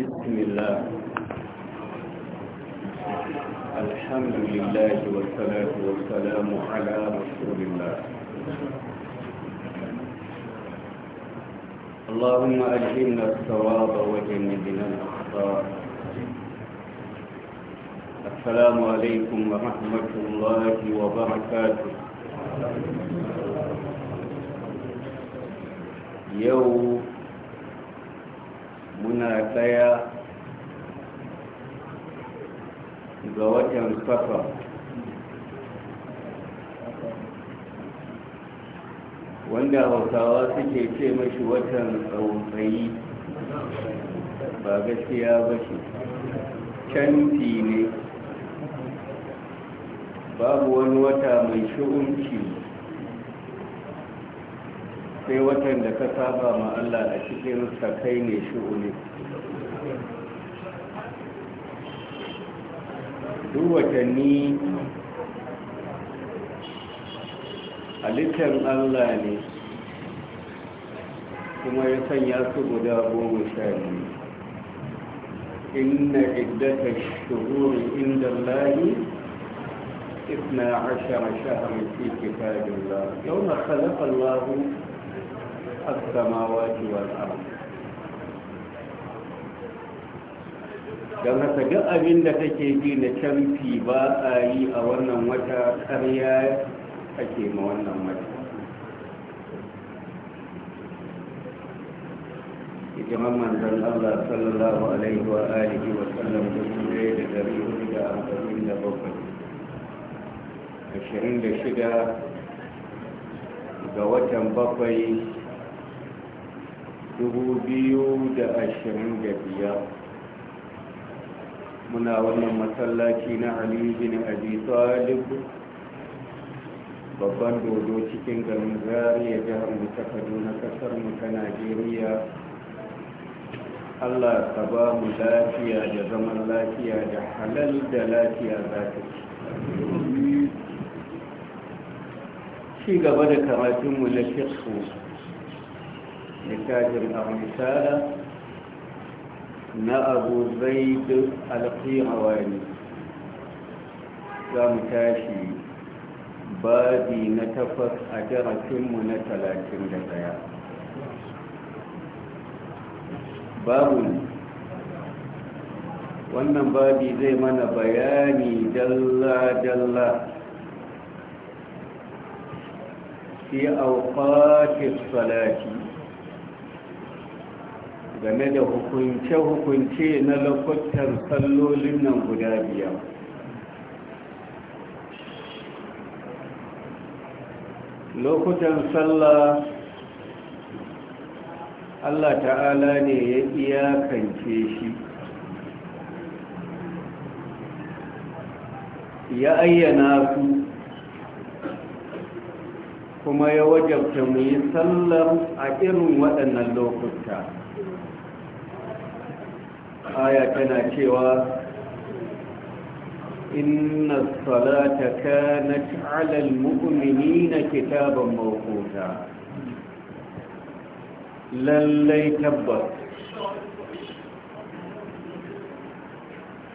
بسم الله الحمد لله والصلاة والسلام على رسول الله اللهم أجلنا الثواب وجنبنا الأخطاء السلام عليكم ورحمة الله وبركاته يوم muna daya ga watan safa wanda hausawa suke ce mashi watan tsawonsayi ba gaskiya ba shi canfi ne babu wani wata mai shi'unci sai watan da ka saba ma Allah a cikin kai ne shi'uni duk watanni halittar Allah ne kuma ya sanya su guda goma sha biyu inna iddata shuhuri inda Allahi اثنا عشر شهر في كتاب الله يوم خلق الله as-samawati wal dan haka duk abin da kake ji na canfi ba a yi a wannan wata ƙarya ake ma wannan wata mamman manzan Allah sallallahu alaihi wa alihi wa sallam da kure da gari hudu da amfani da bakwai ashirin da shida ga watan bakwai biyar. muna wannan masallaci na aliyu bin abi babban dodo cikin garin zariya jihar mu ta kaduna kasar mu ta najeriya allah ka ba mu lafiya da zaman lafiya da halal da lafiya za ta ci ci gaba da karatunmu na fiqh littafin abu misala na abu zaidu alƙirawani za mu tashi babi na takwas a jarakinmu na talatin da ɗaya. babu wannan babi zai mana bayani dalla-dalla fi auqatis salati game da hukunce-hukunce na lokutan sallolin nan guda biyar lokutan sallah allah ta'ala ne ya iyakance shi ya ayyana su kuma ya wajabta mu yi sallar a irin waɗannan lokuta aya tana cewa inna salata kanat ala almu'minina kitaban mawquta lallai tabbas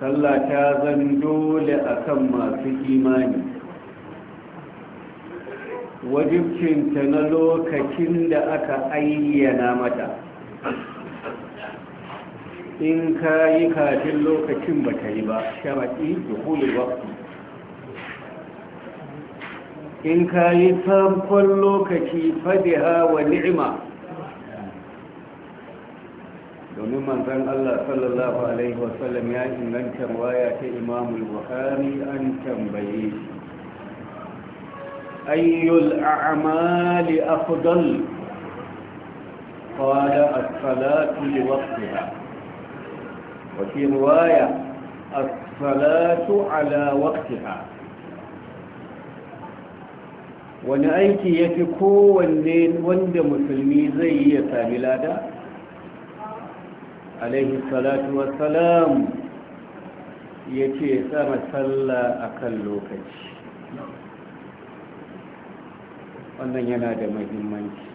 sallah ta zan dole akan masu imani wajibcinta na lokacin da aka ayyana mata in ka yi kafin lokacin ba ta yi ba shamaɗi da hulun wakti in ka yi farkon lokaci fadiha wa ni'ima domin manzan Allah sallallahu Alaihi wasallam ya inganta waya ta imamul buhari an tambaye ayyul a'amali afdal qala as-salatu li waqtiha وفي رواية الصلاة على وقتها wani aiki ya fi kowanne wanda musulmi zai iya sami lada? alaihi salatu wassalam ya ce tsara tsalla a kan lokaci wannan yana da mahimmanci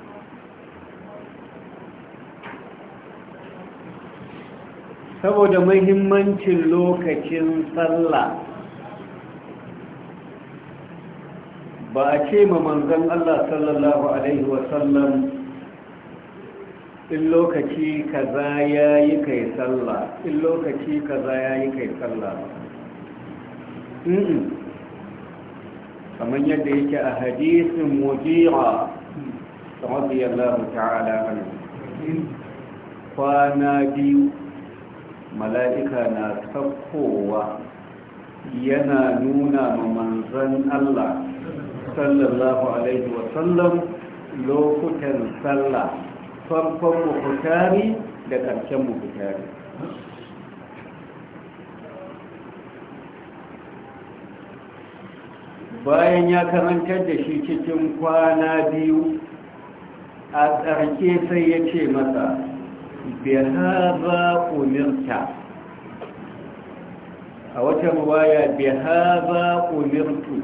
saboda mahimmancin lokacin sallah ba a ce ma manzan Allah sallallahu Alaihi wasallam in lokaci kaza ya yi kai sallah in lokaci kaza ya yi kai sallah kamar yadda yake a hadisin mujira radiyallahu ta'ala kwana biyu mala'ika na sakkowa yana nuna ma manzan Allah sallallahu alaihi wasallam lokutan sallah farkon mukutari da ƙarshen mukutari bayan ya karanta da shi cikin kwana biyu a tsarki sai ya ce masa بهذا umirta a wata بهذا أمرت umirtu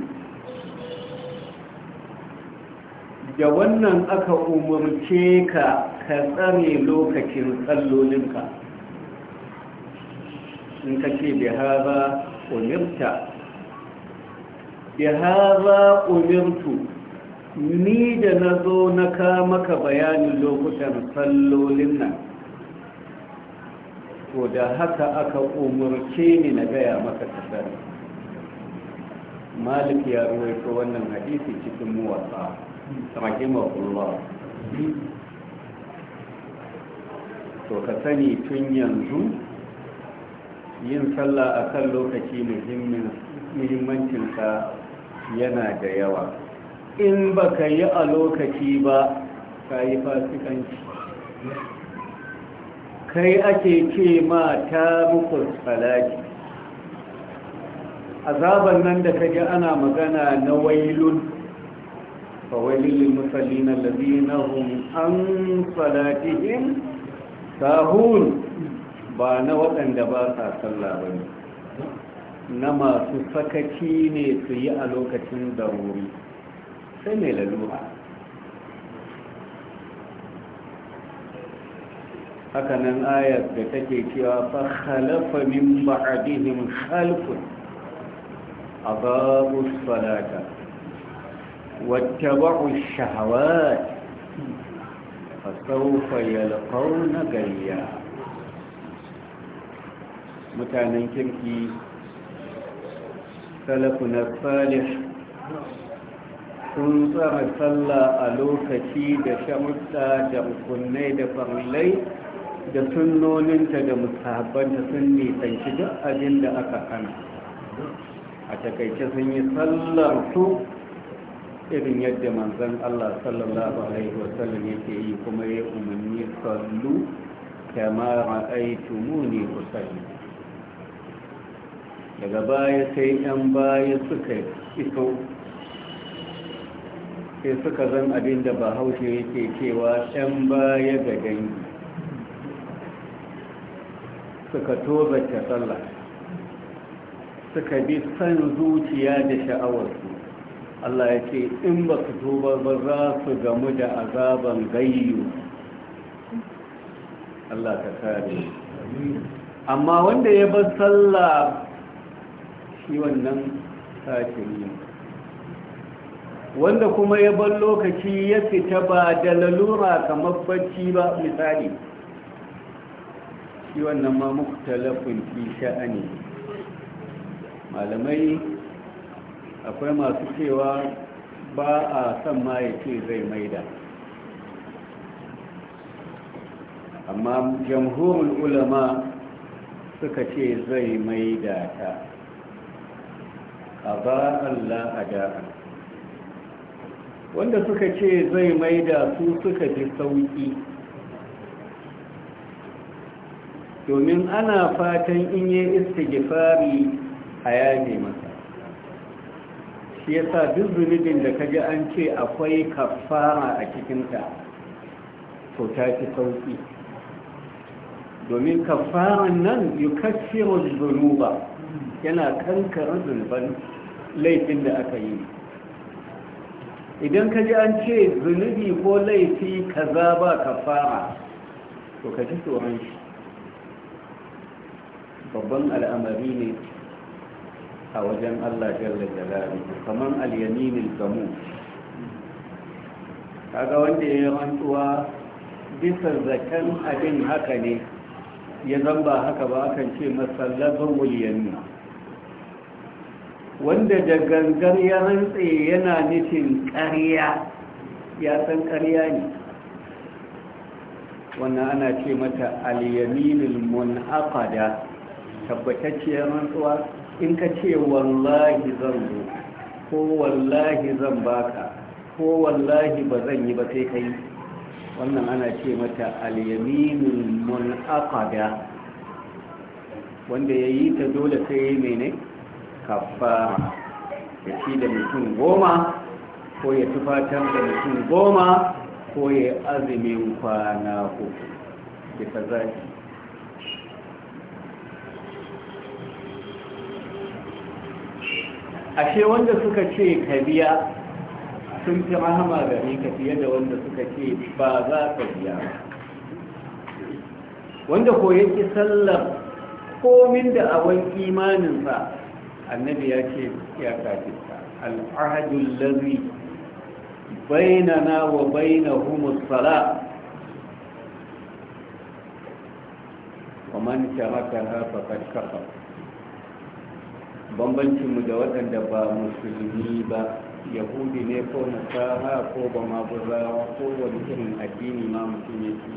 da wannan aka umarce ka ka tsare lokacin tsallolinka in ka ce bihaza umirtu ni da na zo na ka maka bayanin lokutan tsallolin nan to da haka aka umarce ni na gaya maka tsari. malik ya ko wannan hadisi cikin muwatsa rahimahullah to ka sani tun yanzu yin sallah a kan lokaci muhimmancinsa yana da yawa in baka yi a lokaci ba ka yi fasikanci kai ake ce ma ta muku tsalaki azaban nan da kaji ana magana na wailun fa wailun musallin allazina hum an salatihim sahun ba na waɗanda ba sa ba ne. na masu sakaci ne su yi a lokacin daruri sai mai lalura hakanan ayar da take cewa fa khalafa min ba'dihim khalfun ababu salata wattaba'u shahawat fasawfa yalqawna gayya mutanen kirki salafun salih sun tsara sallah a lokaci da shamusta da hukunai da farlai da sunnoninta da musabbanta sun nisanci duk abin da aka hana a takaice sun yi sallar su irin yadda manzan Allah sallallahu alaihi wasallam yake yi kuma ya umarni sallu kama ra'aytumuni usalli daga baya sai yan baya suka iso sai suka zan abin da bahaushe yake cewa yan baya ga dangi suka tozarta sallah suka bi san zuciya da sha'awarsu Allah ya ce in ba su tuba ba za su gamu da azaban gayyu Allah ka kare amma wanda ya bar sallah shi wannan kafiri wanda kuma ya bar lokaci ya fita ba da lalura kamar bacci ba misali shi wannan ma muktalafin fi sha'ani malamai akwai masu cewa ba a son ma ya ce zai maida amma jamhurin ulama suka ce zai maida ta a ba Allah a da'a wanda suka ce zai maida su suka fi sauƙi domin ana fatan in yi istighfari a yaje masa shi ya sa duk zunubin da kaji an ce akwai kafara a cikinta to ta ci sauki domin kafaran nan yukaffiru zunuba yana kankara zunuban laifin da aka yi idan kaji an ce zunubi ko laifi kaza ba kafara to kaji tsoron shi babban al'amari ne a wajen Allah jalla jalali kamar al-yaminil gamu kaga wanda ya rantsuwa bisa zakan abin haka ne ya zamba haka ba akan ce masallazun wuliyanni wanda da gangar ya rantse yana nufin ƙarya ya san ƙarya ne wannan ana ce mata alyaminul munaqada tabbatacciyar rantsuwa in ka ce wallahi zan zo ko wallahi zan baka ko wallahi ba zan yi ba sai ka yi wannan ana ce mata mun afada wanda ya yi ta dole sai ya yi mene kafara ya ci da mutum goma ko ya tufatar da mutum goma ko ya azumin kwana ko bisa zafi ashe wanda suka ce ka biya sun fi rahama gare ka fiye da wanda suka ce ba za ka biya wanda ko sallar komin da awon imaninsa annabi ya ce ya kafirta al'ahadun baina bainana wa bainahumus sala wa man tarakaha faqad kafara mu da waɗanda ba musulmi ba yahudi ne ko nasara ko ba magurawa ko wani irin addini ma mutum ya ci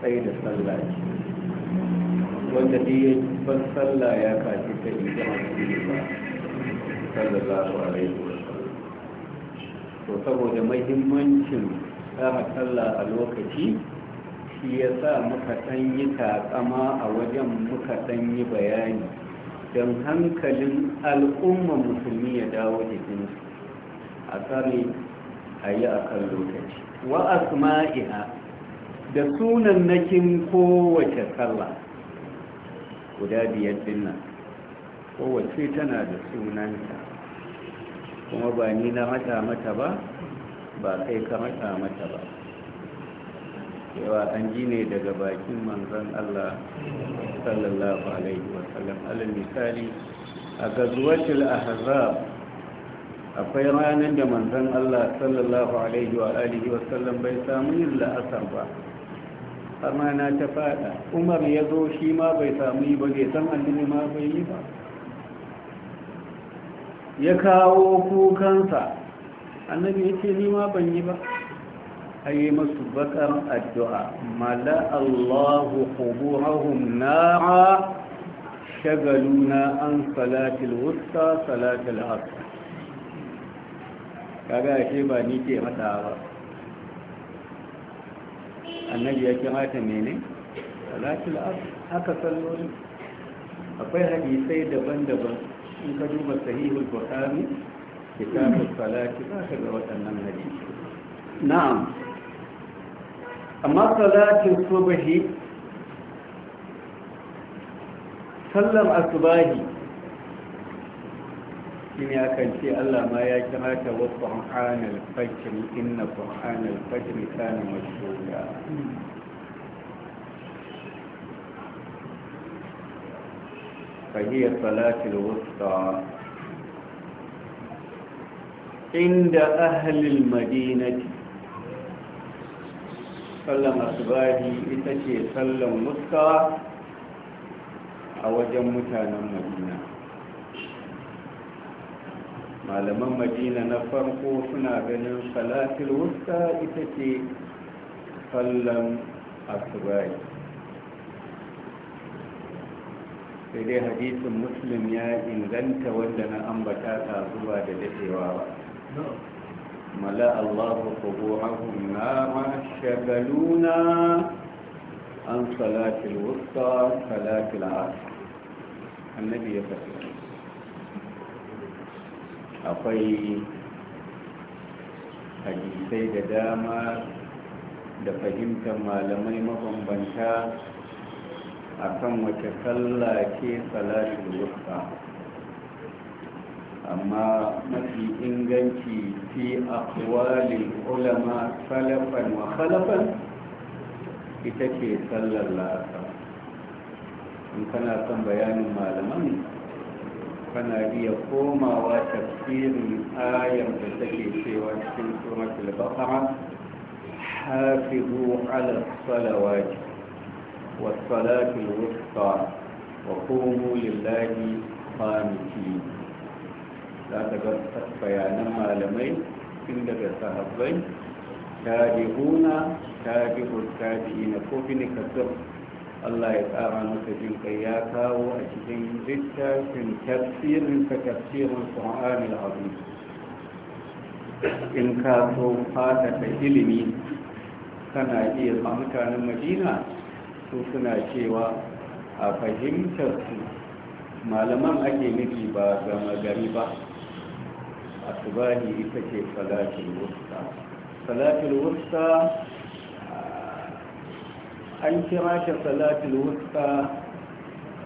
tsaye da sallah ce wanda dai ya ban sallah ya kaci ta ita musulmi ba za sallallahu alaihi wa to saboda mahimmancin tsara sallah a lokaci shi ya sa muka ɗan yi takama a wajen muka ɗan yi bayani don hankalin al'umma musulmi ya dawo jikinsu a tsari a yi a kan lokaci wa asma'iha da sunan nakin kowace sallah guda biyar dinnan kowace tana da sunanta kuma ba ni na mata mata ba ba kai ka mata mata ba cewa an ji ne daga bakin manzan Allah sallallahu alaihi wasallam alal misali a gazuwatul ahzab akwai ranar da manzan Allah sallallahu alaihi wa alihi wasallam bai samu yin la'asar ba har na ta fada umar ya zo shi ma bai samu yi ba zai san annabi ma bai yi ba ya kawo kukansa annabi ya ce ni ma ban yi ba ayi masu bakar addu'a mala allahu A shagalu na an salatil wusta salatil asr kaga ashe ba ni ke mata ba annabi ya kira ta mene salatul asr haka salloli akwai hadisai daban-daban in ka duba sahihul bukhari kitabus salati za ka ga waɗannan hadisi na'am أما صلاة الصبح سلم الصباح إن يا شيء الله ما يا يجمعك وقرآن الفجر إن قرآن الفجر كان مشهودا فهي صلاة الوسطى عند أهل المدينة sallan asubahi ita ce sallan muska a wajen mutanen madina malaman madina na farko suna ganin salatul wuska ita ce sallan asubahi sai dai hadisin muslim ya inganta wanda na ambata ta zuwa da daɗewa ba ملأ الله صبوعهم نارا شغلونا عن صلاة الوسطى صلاة العصر النبي يقول akwai hadisai da dama da fahimtar malamai mabambanta akan wace sallah ce salatul wusta أما ما في إنجنتي في أقوال العلماء خلفا وخلفا إتكي صلى الله عليه إن كان أتم بيان ما لم كان لي قوم وتفسير آية إتكي شيء وشين سورة البقرة حافظوا على الصلوات والصلاة الوسطى وقوموا لله قانتين za ta ga bayanan malamai tun daga sahabbai tabi'una tabi'ul tabi'ina ko ne kasar Allah ya tsara masa jin kai ya kawo a cikin littafin tafsirin ka tafsirin Qur'anil Azim in ka so fata ta ilimi kana iya ba mutanen Madina su suna cewa a fahimtar su malaman ake nufi ba gama gari ba asubahi ita ce salatul wusta salatul wusta ah, an kira ta salatul wusta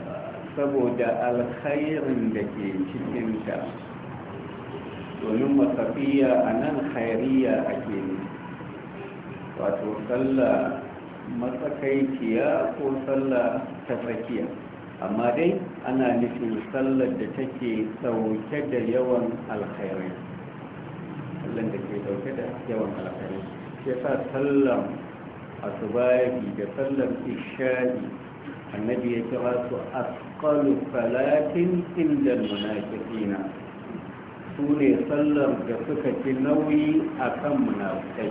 ah, saboda alkhairin da ke cikinta domin masafiya a nan khairiya ake ne wato tsalla matsakaiciya ko sallah ta tsakiya amma dai ana nufin sallar da take sauke da yawan alkhairai sallar da ke dauke da yawan alkhairai shi sa sallar asubahi da sallar ishari annabi ya kira su asqalu salatin inda munafiqina su ne sallar da suka fi nauyi akan munafikai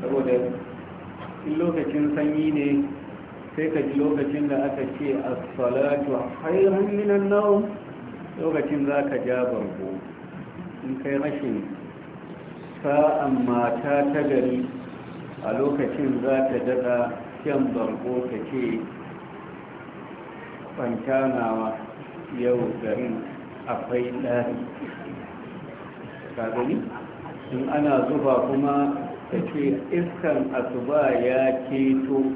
saboda in lokacin sanyi ne sai ka ji lokacin da aka ce a salatu khairun minan nawm lokacin za ka ja bargo in kai rashin sa'an mata ta gari a lokacin za ta daga shan bargo ta ce kwantanawa yau garin akwai ɗari ka in ana zuba kuma ta ce iskan asuba ya keto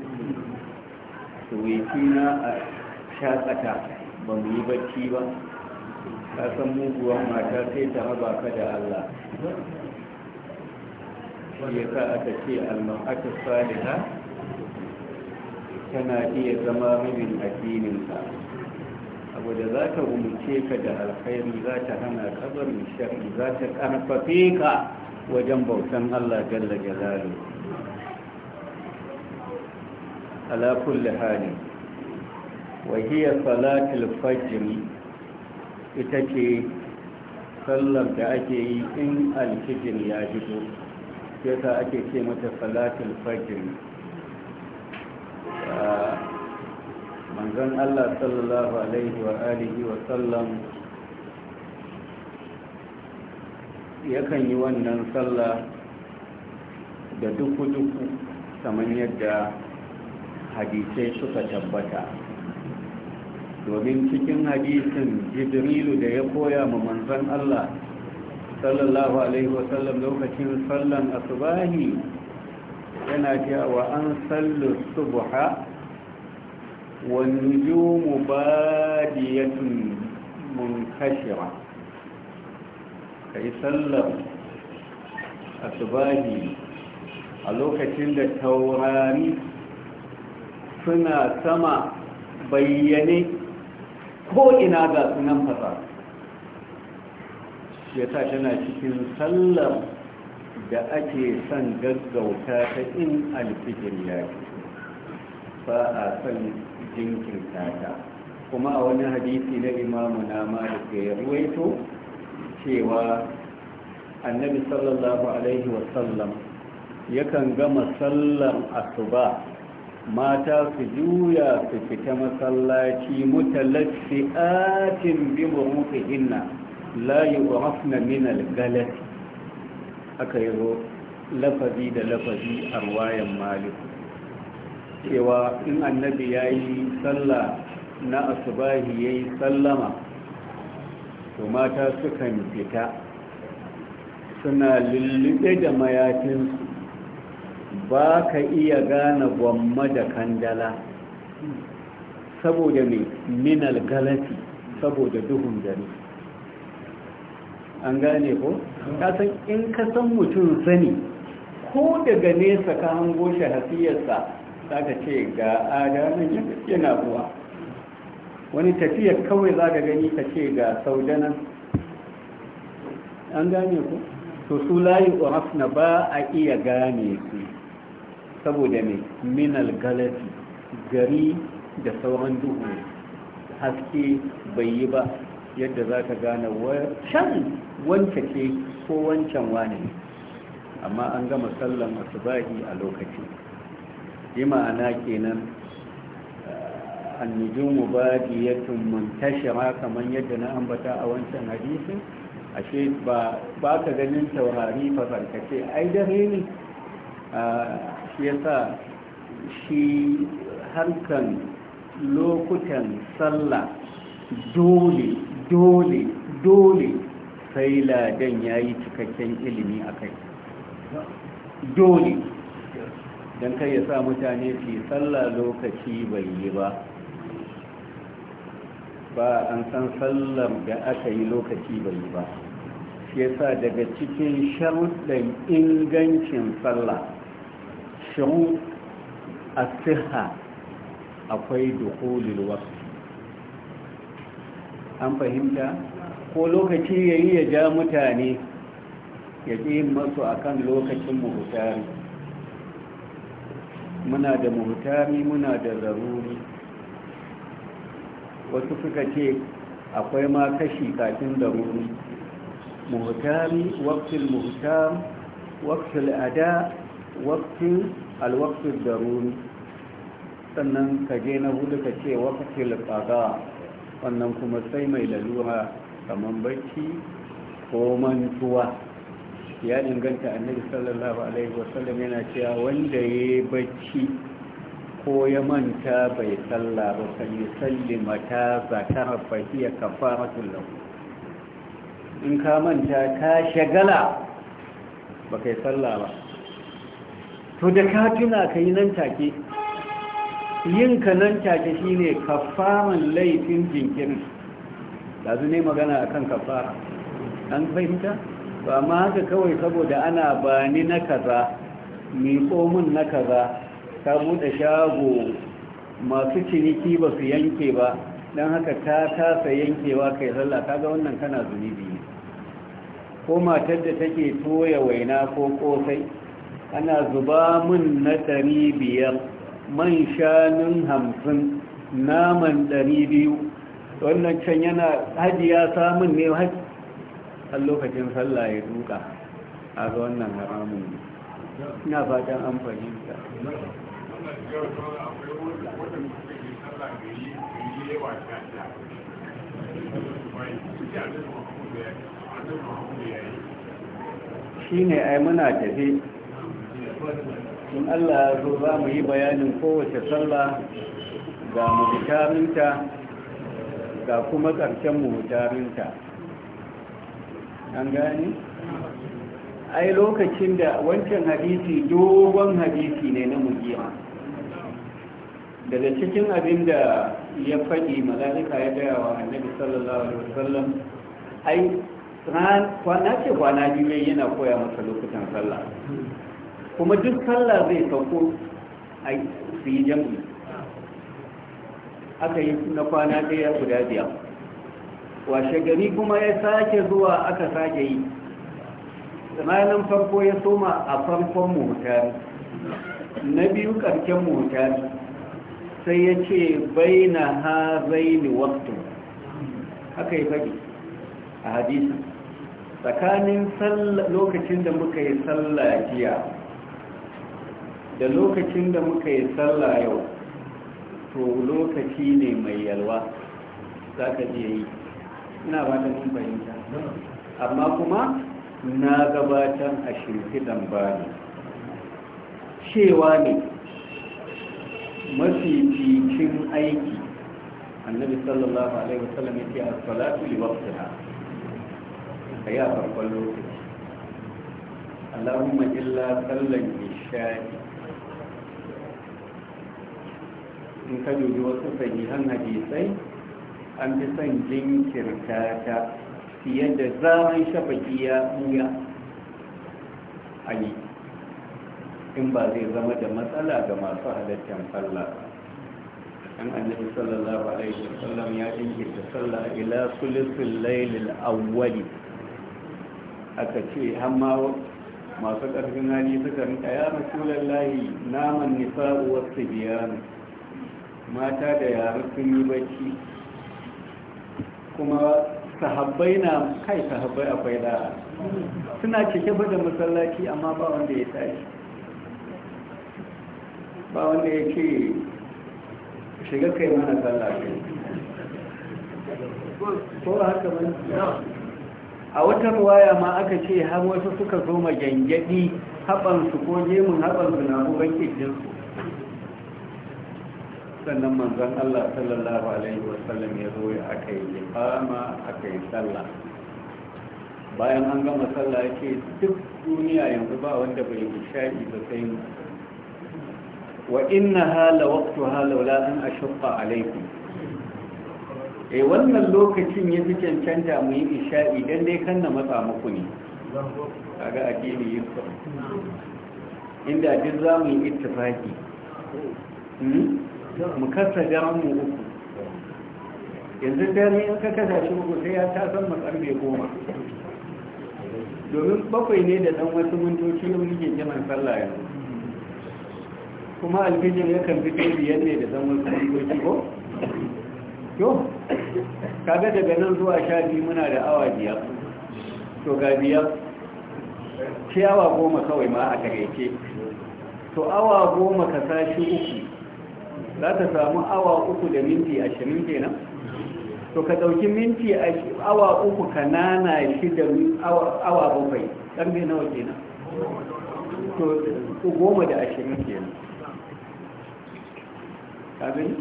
suwaiti na a shakata ba mu yi bacci ba ka san muguwan mata sai ta haba ka da allah ya sa aka ce almar'atu saliha tana iya zama rubin addininka abu da za ta umarce ka da alkhairi za ta hana kabarin shari za ta karfafe ka wajen bautan allah jalla jalaluhu alakun lihani wahiyar salatul fajr ita ce sallar da ake yi in alfijin ya jido yasa ake ce mata salatul fajr a manzan allah sallallahu alaihi wa alihi wa sallam yakan yi wannan sallah da duku-duku kamar yadda hadisai suka tabbata domin cikin hadisin jibrilu da ya koya ma manzon Allah sallallahu alaihi wasallam lokacin sallan asubahi yana cewa an sallu subha wan nujumu badiyatun munkashira kai sallar asubahi a lokacin da taurari suna sama bayyane ko ina ga sunan fasa ya sa tana cikin sallar da ake son gaggauta ta in alfijin ya ba a son jinkirta ta kuma a wani hadisi na imamu na malik ya ruwaito cewa annabi sallallahu alaihi wasallam yakan gama sallar asuba mata su juya su fita masallaci atin bi buruqihinna la yu'rafna min al aka yi lafazi da lafazi a ruwayan malik cewa in annabi ya yi sallah na asubahi ya yi sallama to mata sukan fita suna lullube da mayafinsu. ba ka iya gane gwamma da kandala saboda mai minal galati saboda duhun dare an gane ko? kasan in ka san mutum sani ko daga nesa ka hango shi hafiyarsa, za ka ce ga adamin yana buwa wani tafiya kawai za ka gani ka ce ga saudanan an gane ku? to su layi ƙorafna ba a iya gane su saboda mai minal galati gari da sauran duhu haske bai yi ba yadda za ka gane can wancan ce ko wancan wane amma an gama sallan asubahi a lokaci yi ma'ana kenan eh, annujin mubadiyatun muntashira kamar yadda na ambata a wancan hadisin ashe ba ka ganin taurari fa ai dare ne ah, ya sa shi harkan lokutan sallah dole dole dole sai ladan ya yi cikakken ilimi a kai dole don kai ya sa mutane fi sallah lokaci bai yi ba ba an san sallar da aka yi lokaci bai yi ba shi yasa daga cikin sharuɗin ingancin sallah shuru a siha akwai dukulul wasu an fahimta ko lokaci ya yi ya ja mutane ya yin masu akan lokacin muhutari muna da muhutari muna da zaruri wasu suka ce akwai ma kashi kafin zaruri muhutari waktil muhutar waktil ada waktil alwaktu daruri sannan ka na hudu ka ce wakil kaza wannan kuma sai mai lalura kamar bacci ko mantuwa ya inganta annabi sallallahu alaihi wasallam yana cewa wanda ya yi bacci ko ya manta bai salla ba kan yi sallima ta zakara fahiyar kafaratul lahu in ka manta ka shagala ba kai salla ba to da ka tuna ka yi nan take yin ka nan take shi ne kafaran laifin jinkirin ɗazu ne magana a kan kafara an fahimta ba ma haka kawai saboda ana bani na kaza miƙo mun na kaza ka buɗe shago masu ciniki ba su yanke ba don haka ta tasa yankewa kai zalla ta ga wannan kana zunubi ko matar da take toya waina ko kosai ana zuba mun na ɗari biyar man shanun hamsin naman ɗari biyu wannan can yana hajji ya samun ne hajji a lokacin sallah ya duka a ga wannan haramun ne ina fatan an fahimta shi ne ai muna tafi in Allah ya zo za mu yi bayanin kowace sallah ga mutarinta ga kuma ƙarshen mutarinta an gani? ai lokacin da wancan hadisi dogon hadisi ne na mujiyar daga cikin abin da ya faɗi malalika ya gaya wa annabi sallallahu alaihi wasallam ai kwana ce kwana biyu yana koya masa lokutan sallah kuma duk sallah zai sauko a su yi jam'i aka yi na kwana ɗaya guda biya washe gari kuma ya sake zuwa aka sake yi Tsananin farko ya soma a farkon motar na biyu karken motar sai ya ce bai na ha zai ni waktu aka yi faɗi a hadisi tsakanin lokacin da muka yi sallah jiya da lokacin da muka yi sallah yau to lokaci ne mai yalwa za ka je yi ina ba ta mun fahimta amma kuma na gabatar a shirfidan ne. cewa ne cikin aiki annabi sallallahu alaihi wasallam yake a salatu li waqtiha a yi a farkon lokaci allahumma illa sallan isha'i in ka dubi wasu sahihan hadisai an fi son jinkirta ta fiye da zaman shafaki ya iya a yi in ba zai zama da matsala ga masu halittar falla an annabi sallallahu alaihi wasallam ya jinkirta sallah ila sulusul lailil awwali aka ce hamma masu ƙarfin hali suka rinka ya lallahi naman nisa'u wasu biyanu mata da yaru sun yi bacci kuma sahabbai na kai sahabbai akwai da suna cike ba da masallaci amma ba wanda ya tashi ba wanda ya ce shiga kai mana sallaci ko haka ba a wata ruwaya ma aka ce har wasu suka zo ma haɓansu ko jemin haɓansu na ruwan ƙirjinsu sannan manzon Allah sallallahu alaihi wasallam ya zo ya aka yi fama aka yi sallah bayan an gama sallah yake duk duniya yanzu ba wanda bai isha'i ba sai mu wa hala la hala laula an ashqa alaikum eh wannan lokacin ya fi cancanta mu yi isha'i dan dai kan na matsa muku ne kaga addini yusuf inda duk za mu yi ittifaki hmm? mu kasa uku yanzu dare in kaka kasa shi uku sai ya tasan makarbe goma domin bakwai ne da ɗan wasu mintoci yau nike jiran sallah kuma alfijin ya kan fito biyar ne da ɗan wasu mintoci ko yau kaga daga nan zuwa sha biyu muna da awa biyar to ga biyar ciyawa goma kawai ma a karece to awa goma ka sashi uku za ta samu awa uku da minti ashirin kenan to ka ɗauki minti awa uku ka nana shi da awa bakwai ƙarfe nawa kenan to goma da ashirin kenan ƙabin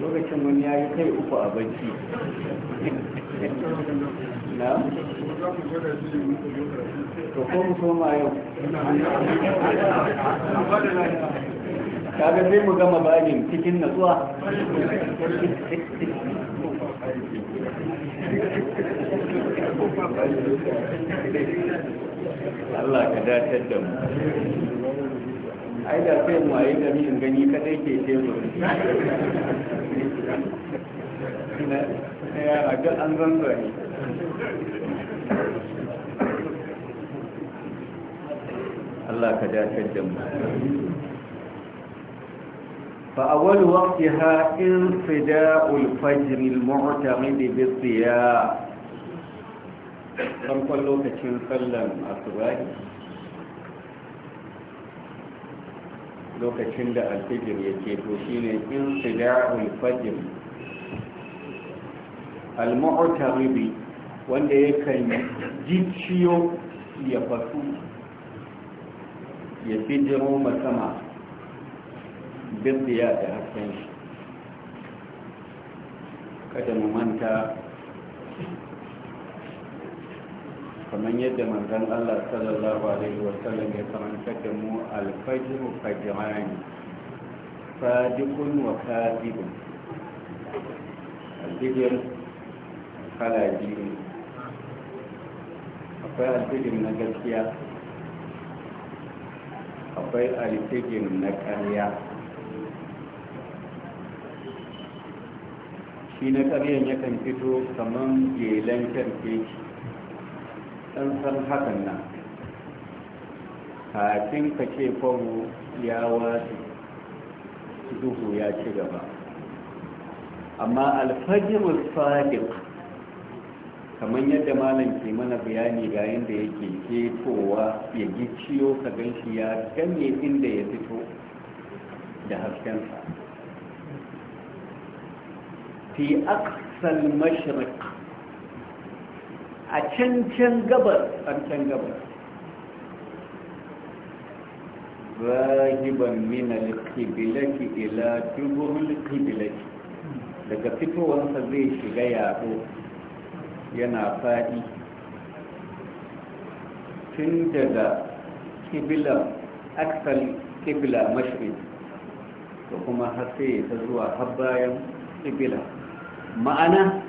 lokacin wani ya yi kai uku a banki na? to ko mu soma yau kaga sai mu gama babin cikin natsuwa Allah ka datar da mu ai da sai mu ayi da in gani kadai ke ce mu na yara duk an zanzare Allah ka datar da mu فأول وقتها انفداء الفجر المعتمد بالضياء farkon lokacin sallan asubahi lokacin da alfijir ya ceto shi ne in sida'ul fajr al-mu'taribi wanda yakan jiciyo ya fasu ya fijiro sama bibiya da hasken shi kada mu manta kamar yadda manzan Allah sallallahu alaihi wasallam ya kamanta da mu alfajiru fajirani sadiqun wa kadibun alfijir kala biyu akwai alfijir na gaskiya akwai alfijir na ƙarya shi na karyan yakan fito kamar gelen karfe ɗan san hakan nan kafin ka ce kwaro ya wasu duhu ya ci gaba amma alfajirul sadiq kamar yadda malam ke mana bayani ga yadda yake ketowa ya gicciyo ka gan shi ya gane inda ya fito da haskensa fi aksal mashrik a cancan gabar cancan gabar zahiban min alqiblati ila dubur alqiblati daga fitowarsa zai shiga yaro yana faɗi tun daga kibila aksal kibila mashrik da kuma har sai ta zuwa har bayan kibila ma'ana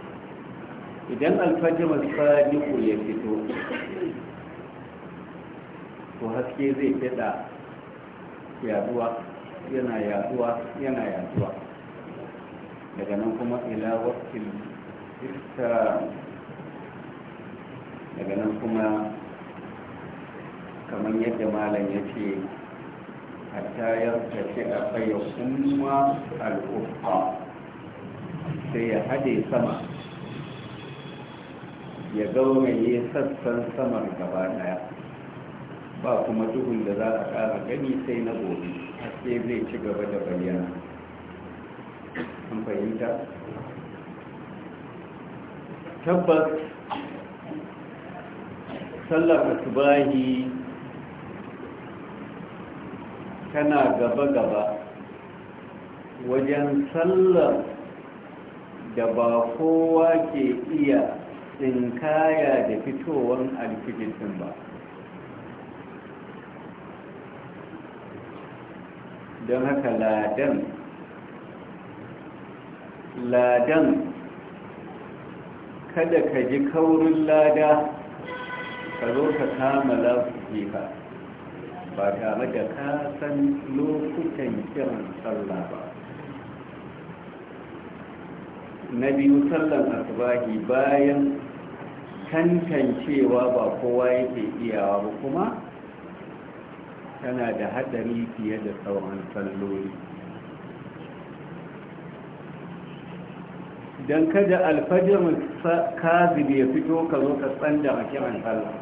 idan alfajima sadiku ya fito to haske zai fada yaduwa yana yaduwa yana yaduwa daga nan kuma ila wakil ista daga nan kuma kamar yadda malam ya ce a tayar tafi a fayyakun kuma al'ubba sai ya hade sama ya gaunaye sassan samar gaba daya ba kuma duhun da za a kara gani sai na gobe haske zai ci gaba da bayyana an fahimta tabbas sallar asubahi tana gaba-gaba wajen sallar da ba kowa ke iya tsinkaya da fitowar alfijitin ba don haka ladan ladan kada ka ji kaurin lada ka zo ka kama lafi ba tare da ka san lokutan kiran sallah ba na biyu sallan asubahi bayan tantancewa ba kowa yake iyawa ba kuma tana da hadari fiye da sauran salloli don kada alfajir kazi ya fito ka zo ka tsanda a kiran sallah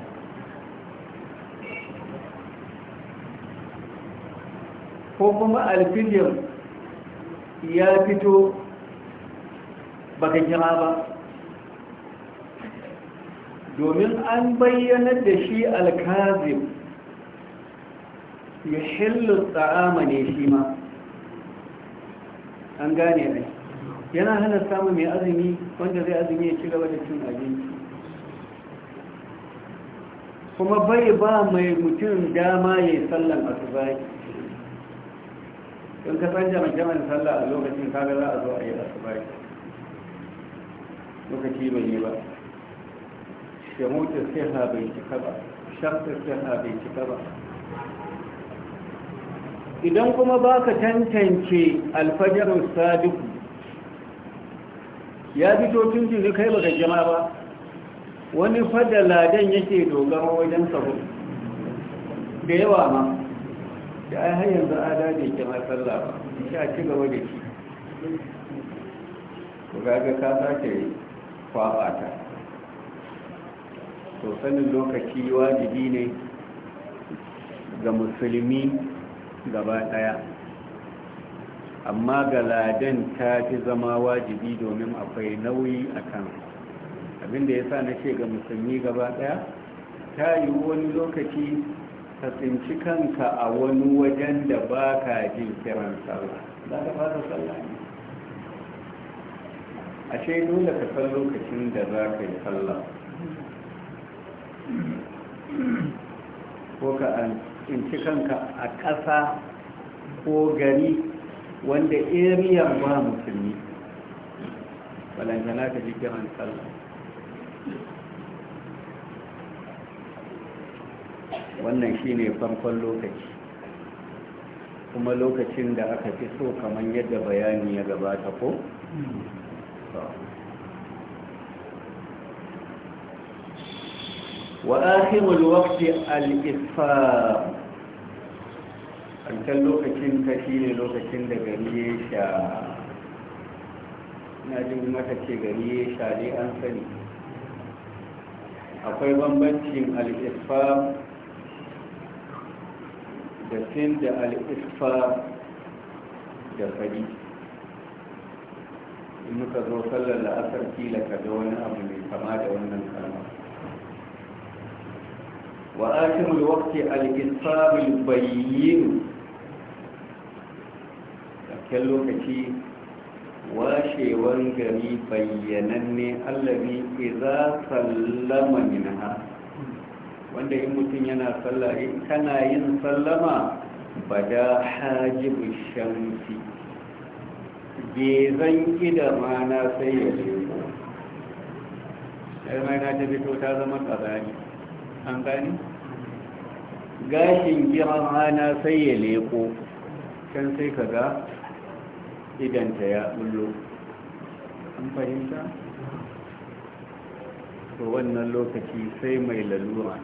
ko kuma alfijir ya fito ba ka kira ba domin an bayyanar da shi alkazim ya hillu tsa'ama ne shi ma an gane ne yana hana samun mai azumi wanda zai azumi ya ci gaba da cin abinci kuma bai ba mai mutum dama ya yi sallan asubai don ka san jama'a sallah a lokacin kaga za a zo a yi asubai lokaci bai yi ba sai siha bai cika ba shaftar siha bai cika ba idan kuma ba ka tantance alfajar sadiku ya fito tun jini kai ba jama ba wani fada ladan yake dogaro wajen sabo da yawa ma da ai har yanzu ada da ke matsala ba a ci gaba da shi ku ga ka sake kwaba ta to sanin lokaci wajibi ne ga musulmi gaba daya amma ga ladan ta fi zama wajibi domin akwai nauyi a kan abinda ya sa na ce ga musulmi gaba daya ta yi wani lokaci ka tsinci kanka a wani wajen da ba ka jin kiran sallah za ka fara sallah ashe dole ka san lokacin da za ka yi sallah ko ka an tsinci kanka a ƙasa ko gari wanda area ba musulmi balantana ka ji kiran sallah wannan shine farkon lokaci kuma lokacin da aka fi so kamar yadda bayani ya gabata ko وآخر الوقت الإصفار أنت لوكتين تشيل لوكتين دقريشا ناجم متكي قريشا لي أنسني akwai bambancin al'isfar da sin da al'isfar da fari in muka zo sallar da asar kila ka ga wani abu mai kama da wannan kalma wa akimul waqti al-islamul bayyin kan lokaci washewan gari bayyananne allabi iza sallama minha wanda in mutum yana sallah kana yin sallama bada hajjibu shamsi bai zan da ma na sai ya ce sai mai na fito ta zama tsazani an gani gashin giran hana sai ya leko can sai ka ga idanta ya bullo an fahimta to wannan lokaci sai mai lalura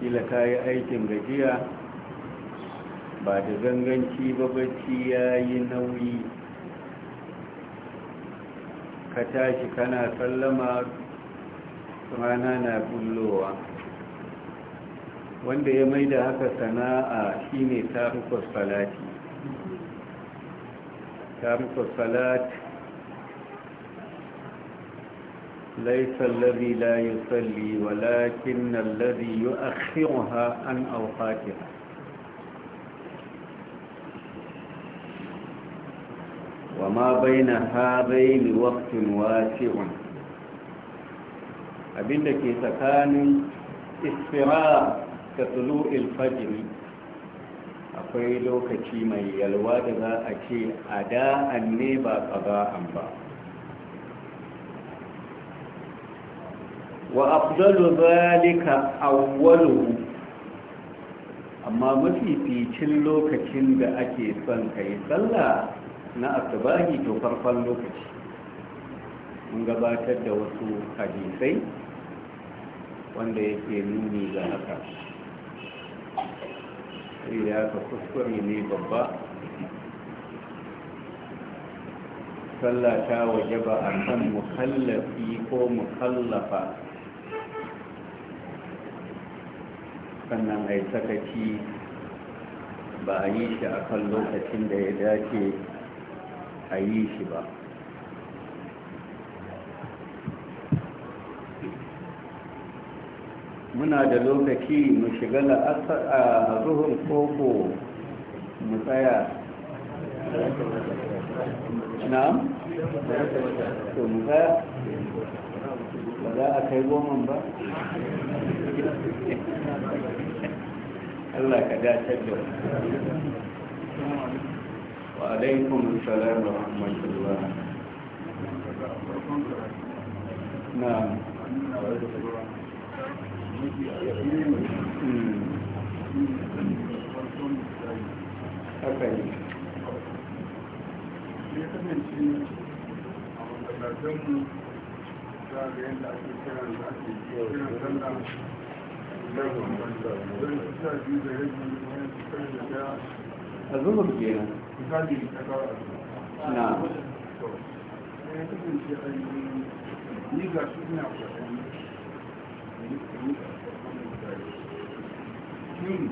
kila ta yi aikin gajiya ba da ganganci ba bacci ya yi nauyi ka tashi kana sallama rana na bullowa wanda ya mai da haka sana'a shine tarukar salati tarukar salat laisa allazi layin yusalli walakin allazi ha an awqatiha وما بين هذين وقت واسع abinda ke tsakanin isfira da tulu fajiri akwai lokaci mai yalwa da za a ce a da'an ne ba ƙaza'an ba wa afdalu zalika awwalu amma mafificin lokacin da ake son yi sallah na asubahi to farkon lokaci mun gabatar da wasu hadisai wanda yake nuni ga haka sai da aka kuskure ne babba sallah ta waje ba a kan mukallafi ko mukallafa sannan a yi sakaci ba a yi shi a kan lokacin da ya dace a yi shi ba muna da lokaci mu shiga la'asar a zuhur koko mu tsaya na? to mu tsaya ba za a kai goman ba? Allah ka dace da وعليكم السلام ورحمة الله نعم أكيد Thank you. الظهر كينا نعم shin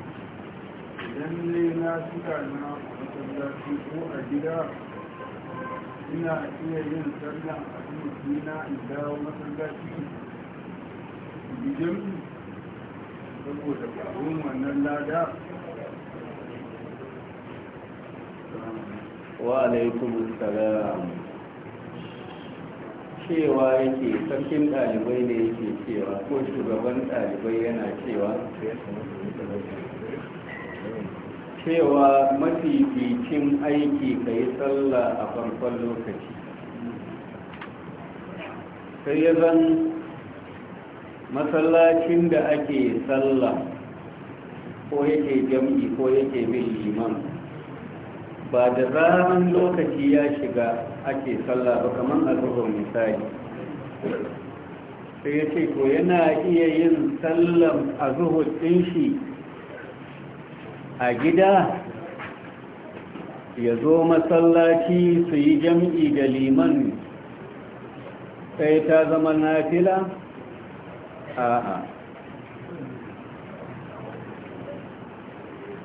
idan ne na shiga na ko a gida ina iya yin sallan a cikin na in dawo masallaci bijin saboda ƙarfin wannan lada wa alaikum salam cewa yake sarkin ɗalibai ne yake cewa ko shugaban ɗalibai yana cewa cewa mafi bikin aiki ka yi tsalla a farkon lokaci sai ya zan masallacin da ake tsalla ko yake jam'i ko yake bin liman ba da zaran lokaci ya shiga ake sallah ba kamar alzuhur misali sai ya ce ko yana iya yin sallan azuhur ɗin shi a gida ya zo masallaci su yi jam'i da liman sai ta zama nafila a'a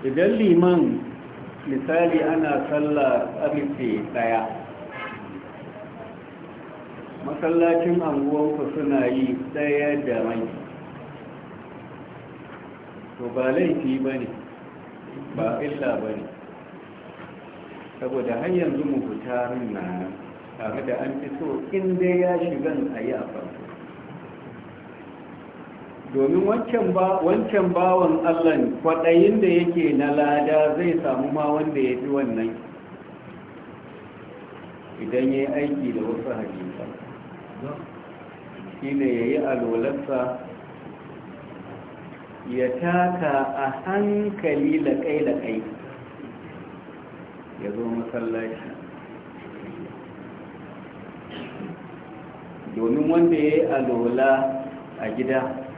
idan liman misali ana sallah karfe daya masallacin anguwanku suna yi daya da mai to ba laifi ba ne ba illa ba ne saboda har yanzu mu fita na tare da an fi so inda ya shigan a yi a domin wancan ba wancan bawan Allah ne kwadayin da yake na lada zai samu ma wanda ya fi wannan idan ya yi aiki da wasu hadisa shine ya yi alwalarsa ya taka a hankali laƙai-laƙai ya zo masallaci domin wanda ya yi alwala a gida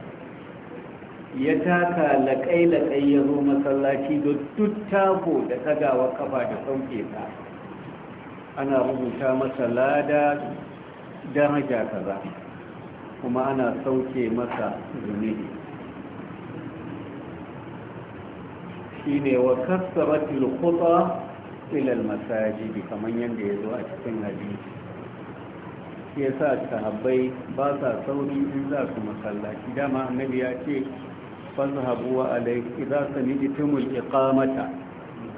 ya taka laƙai-laƙai ya zo masallaci da duk tako da tagawa kafa da sauke ta ana rubuta masa lada daraja kaza kuma ana sauke masa zunubi ne wa kasratil khuta ila al kamar yadda ya zo a cikin hadisi ta sahabbai ba sa sauri in za su masallaci dama annabi ya ce فاذهبوا عليكم إذا سمعتم الإقامة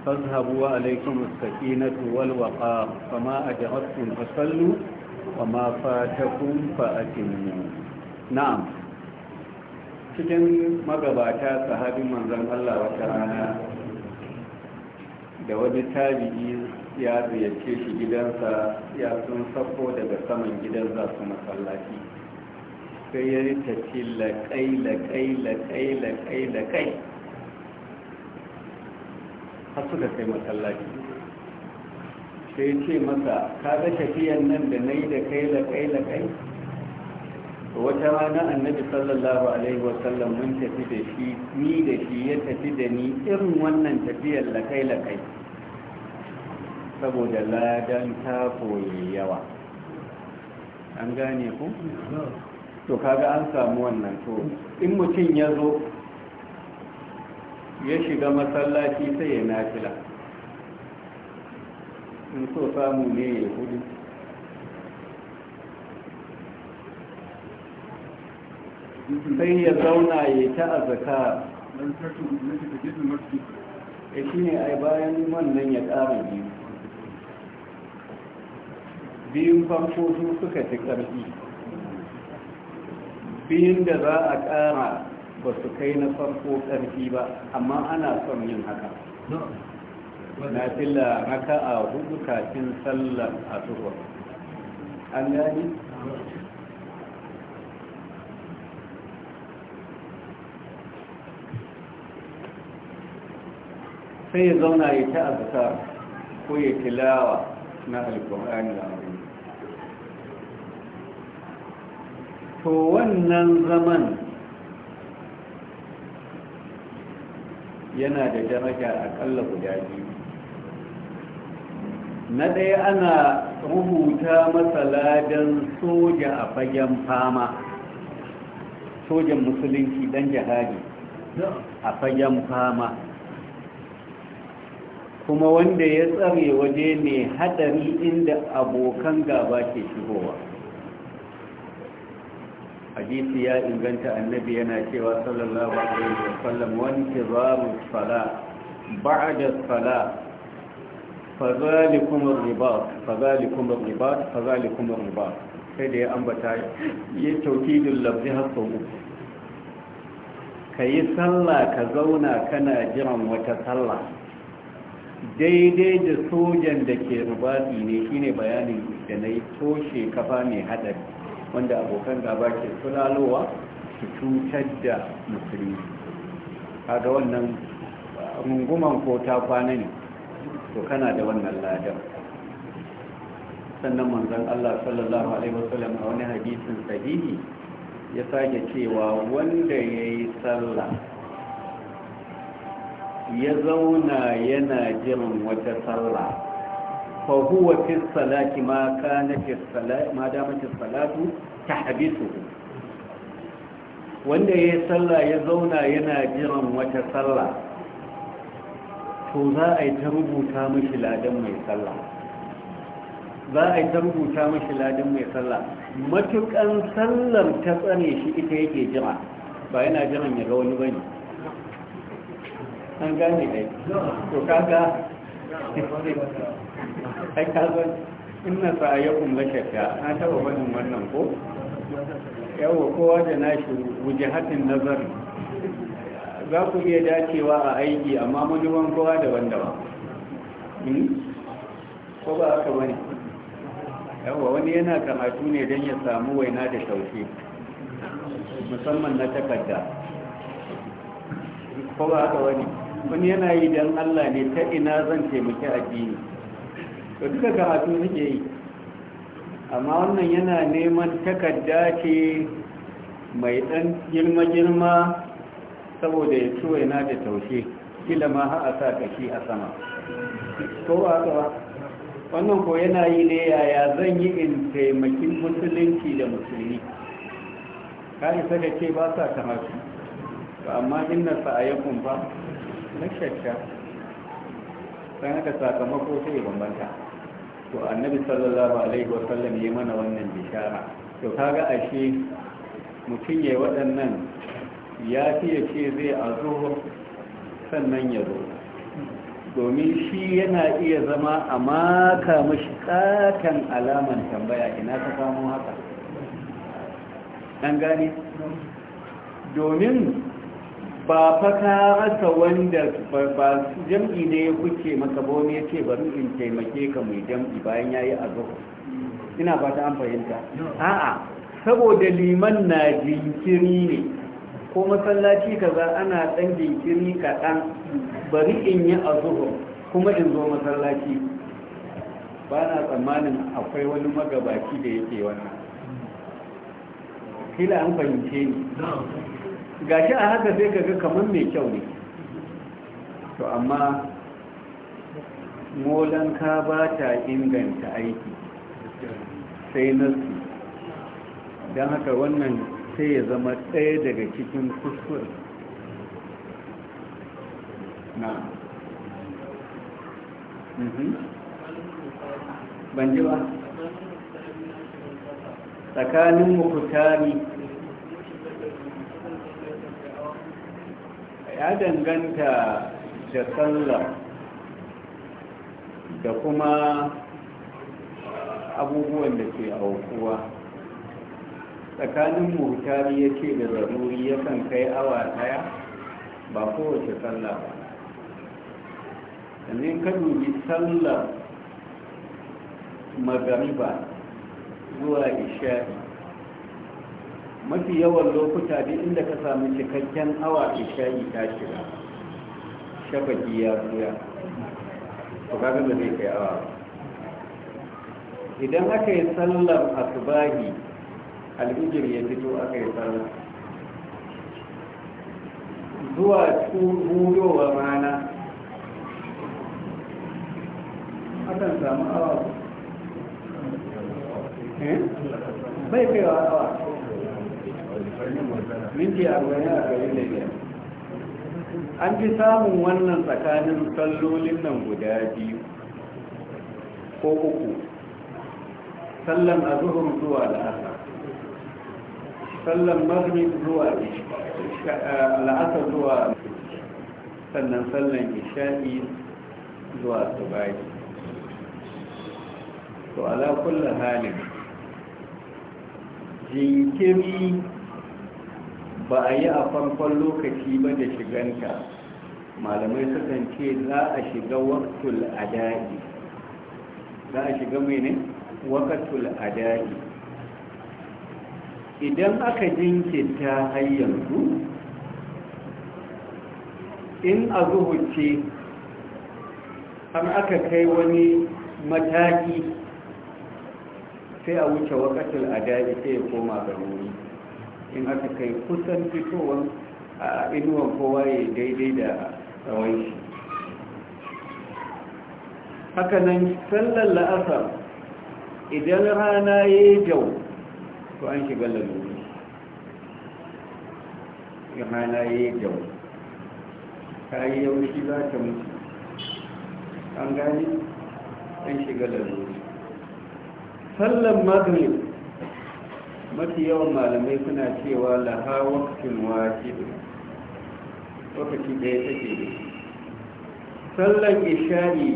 فاذهبوا عليكم السكينة والوقار فما أجرتم فصلوا وما فاتكم فأتموا نعم cikin magabata sahabin manzan Allah wata rana da wani tabi'i ya ziyarce shi gidansa ya sun sako daga saman gidan za su masallaci sai ya rika ce laƙai laƙai laƙai laƙai laƙai har suka kai masallaci sai ce masa ka ga tafiyan nan da na yi da kai laƙai laƙai wata rana annabi sallallahu alaihi wasallam mun tafi da shi ni da shi ya tafi da ni irin wannan tafiyar laƙai-laƙai? saboda ladan ta koyi yawa an gane ku? to kaga an samu wannan to in mutum ya zo ya shiga masallaci sai ya nafila in so samu ne ya hudu sai ya zauna ya ta azaka ya eh, shi ne a bayan wannan ya ƙara biyu biyun farko su suka fi ƙarfi biyun da za a ƙara ba su kai na farko ƙarfi ba amma ana son yin haka na fila haka a hudu kafin sallar a an gani sai ya zauna ya ta azuka ko ya tilawa na alkur'ani to wannan zaman yana da daraja akalla guda biyu na ɗaya ana rubuta don soja a fagen fama sojan musulunci ɗan jihadi a fagen fama kuma wanda ya tsare waje mai haɗari inda abokan gaba ke shigowa hadisi ya inganta annabi yana cewa sallallahu alaihi wa sallam wanti zaru sala ba'da sala fazalikum ar-ribat fazalikum ar-ribat fazalikum ar-ribat sai da ya ambata ya taukidul lafzi har sau uku kayi sallah ka zauna kana jiran wata sallah daidai da sojan da ke rubati ne shine bayanin da na yi toshe kafa mai hadari wanda abokan gaba ke tunalowa su cutar da musulmi kaga wannan runguman ko ta kwana ne to kana da wannan ladar sannan manzon Allah sallallahu alaihi wasallam a wani hadisin sahihi ya sake cewa wanda ya yi sallah ya zauna yana jiran wata sallah fa huwa fi salati ma kana fi salati ma damat salatu tahbisuhu wanda yayi sallah ya zauna yana jiran wata sallah to za a yi ta rubuta mishi ladan mai sallah za a yi ta rubuta mashi ladan mai sallah matukan sallar ta tsane shi ita yake jira ba yana jiran ya ga wani bane an gane dai to kaga ai ka san inna sa'ayakum la shatta na taba wannan wannan ko Yawo, kowa da nashi wujahatin nazar za ku iya dacewa a aiki amma manuwan kowa daban-daban hmm? ko ba aka bane Yawo, wani yana karatu ne don ya samu waina da taushe musamman na takarda ko ba aka wani wani yana yi don allah ne ta ina zan taimaki addini da duka karatu suke yi amma wannan yana neman takarda ce mai dan girma-girma saboda ya ciwo yana da taushe kila ma ha sa kashi a sama ko ba ka wannan ko yana yi ne yaya zan yi in taimakin musulunci da musulmi ka isa da ce ba sa karatu amma inna sa'ayakun ba na shakka don haka sakamako sai bambanta to annabi sallallahu alaihi wa sallam yi mana wannan bishara to kaga ashe mutum ya waɗannan ya fi ya ce zai azo sannan ya zo domin shi yana iya zama a maka mashi katon alaman tambaya ina ka samu haka an gane domin ba fa ka rasa wanda ba jam'i ne kuke maka ba wani ce bari in taimake ka mai jam'i bayan ya yi azhar ina ba ta an fahimta a'a saboda liman na jinkiri ne ko masallaci kaza ana dan jinkiri kaɗan bari in yi azhar kuma in zo masallaci ba na tsammanin akwai wani magabaci da yake wannan kila an fahimce ni gashi a haka sai ka ga kamar mai kyau ne to amma ka ba ta inganta aiki sai nasu don haka wannan sai ya zama ɗaya daga cikin kuskur na mhm. ban tsakanin mukutari ya danganta da sallah da kuma abubuwan da ke aukuwa tsakanin mutari ya ce da zaruri ya kan kai awa daya ba kowace sallah ba sannan ka dubi sallah magariba zuwa isha'i mafi yawan lokuta duk inda ka samu cikakken awa shayi ta shiga shafaki ya zuya. ko kaga da zai kai awa idan aka yi sallar asubahi al'ijir ya fito aka yi sallar zuwa hudowa rana akan samu awa eh? bai kai awa minti arba'in arba'in da biyar an fi samun wannan tsakanin sallolin nan guda biyu ko uku sallan a zuhur zuwa la'asa, sallan maghrib zuwa la'asa zuwa sannan sallan isha'i zuwa subahi to ala kullu halin jinkiri ba a yi a farkon lokaci ba da shiganta malamai sukan ce za a shiga waktul adai za a shiga mai ne waktul adai idan aka jinkinta har yanzu in a zuhuce an aka kai wani mataki sai a wuce waktul adai sai ya koma ga wuri in aka kai kusan fitowar a inuwan kowa ya daidai da tsawon shi haka nan sallar la'asar idan rana ya yi jau to an shiga laluri rana ya yi jau ta yi shi za ta mutu an gani an shiga laluri sallar maghrib mafi yawan malamai suna cewa laha waqtin wahid lokaci ɗaya take ne sallan isha'i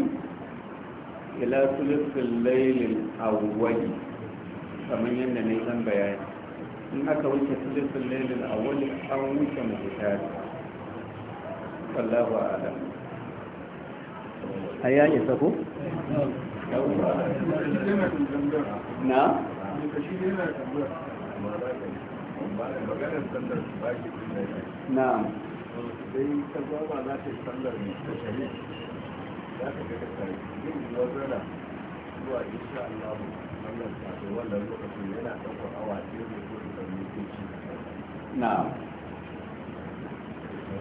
ila sulusul lailin awwali kamar yadda na yi zan bayani in aka wuce sulusul lailin awwali an wuce mahitari wallahu a'lam a yaƙi sako? na? na'am sai ka zama za ta yi sallar da shari'a za ka ga ta yin wazana zuwa insha Allah wannan tafi wannan lokacin yana ɗaukar awa ɗaya ne ko da mintoci na'am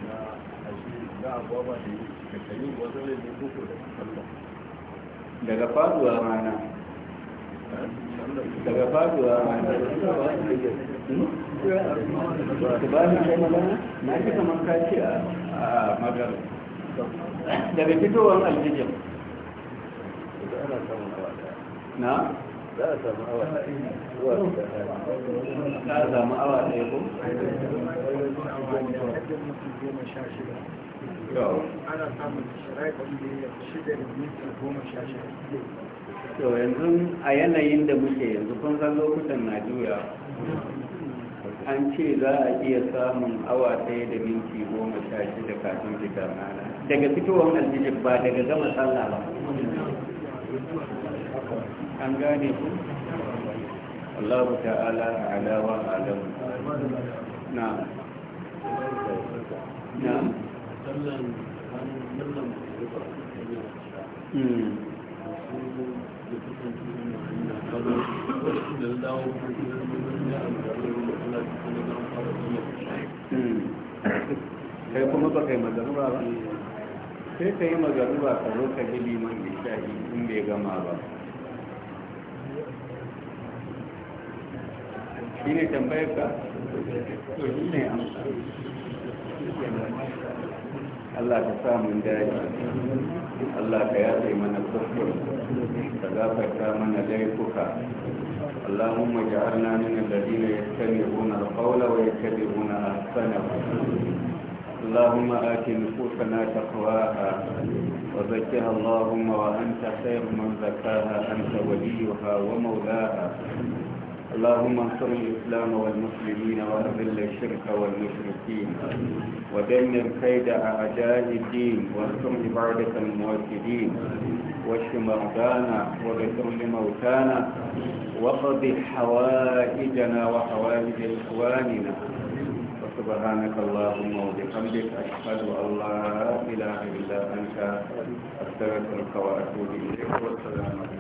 na shi za a gwaba da yi ka sayi wazana ne ko da sallar daga faduwar rana daga faduwa ba ni hmm? kai magana na ji kamar ka ce a magana daga fitowar aljijin na za a samu awa za a samu awa ɗaya ko? ana samun shirai wanda ya shida da minti goma sha shida to yanzu a yanayin da muke yanzu kun san lokutan na juya an ce za a iya samun awa ɗaya da minti goma sha shida kafin fitar rana daga fitowar alfijir ba daga gama sallah ba an gane ku Allahu ta'ala ala wa alam na na sallan an nan Hmm. kai kuma ba kai mazaruba ba sai ka yi mazaruba ka zo ka gili man da shahi in bai gama ba shi ne tambayar ka to shi ne amsa الله ka sa mun dace Allah ka yafe mana kuskure ka اللهم اجعلنا من الذين يتبعون القول ويتبعون احسنه اللهم آت نفوسنا تقواها وزكها اللهم وأنت خير من زكاها أنت وليها ومولاها اللهم انصر الإسلام والمسلمين وأذل الشرك والمشركين ودمر كيد أعداء الدين واحكم عبادك الموحدين واشف مرضانا وبشر لموتانا وقض حوائجنا وحوائج إخواننا سبحانك اللهم وبحمدك أشهد أن لا إله إلا أنت أستغفرك وأتوب إليك والسلام عليكم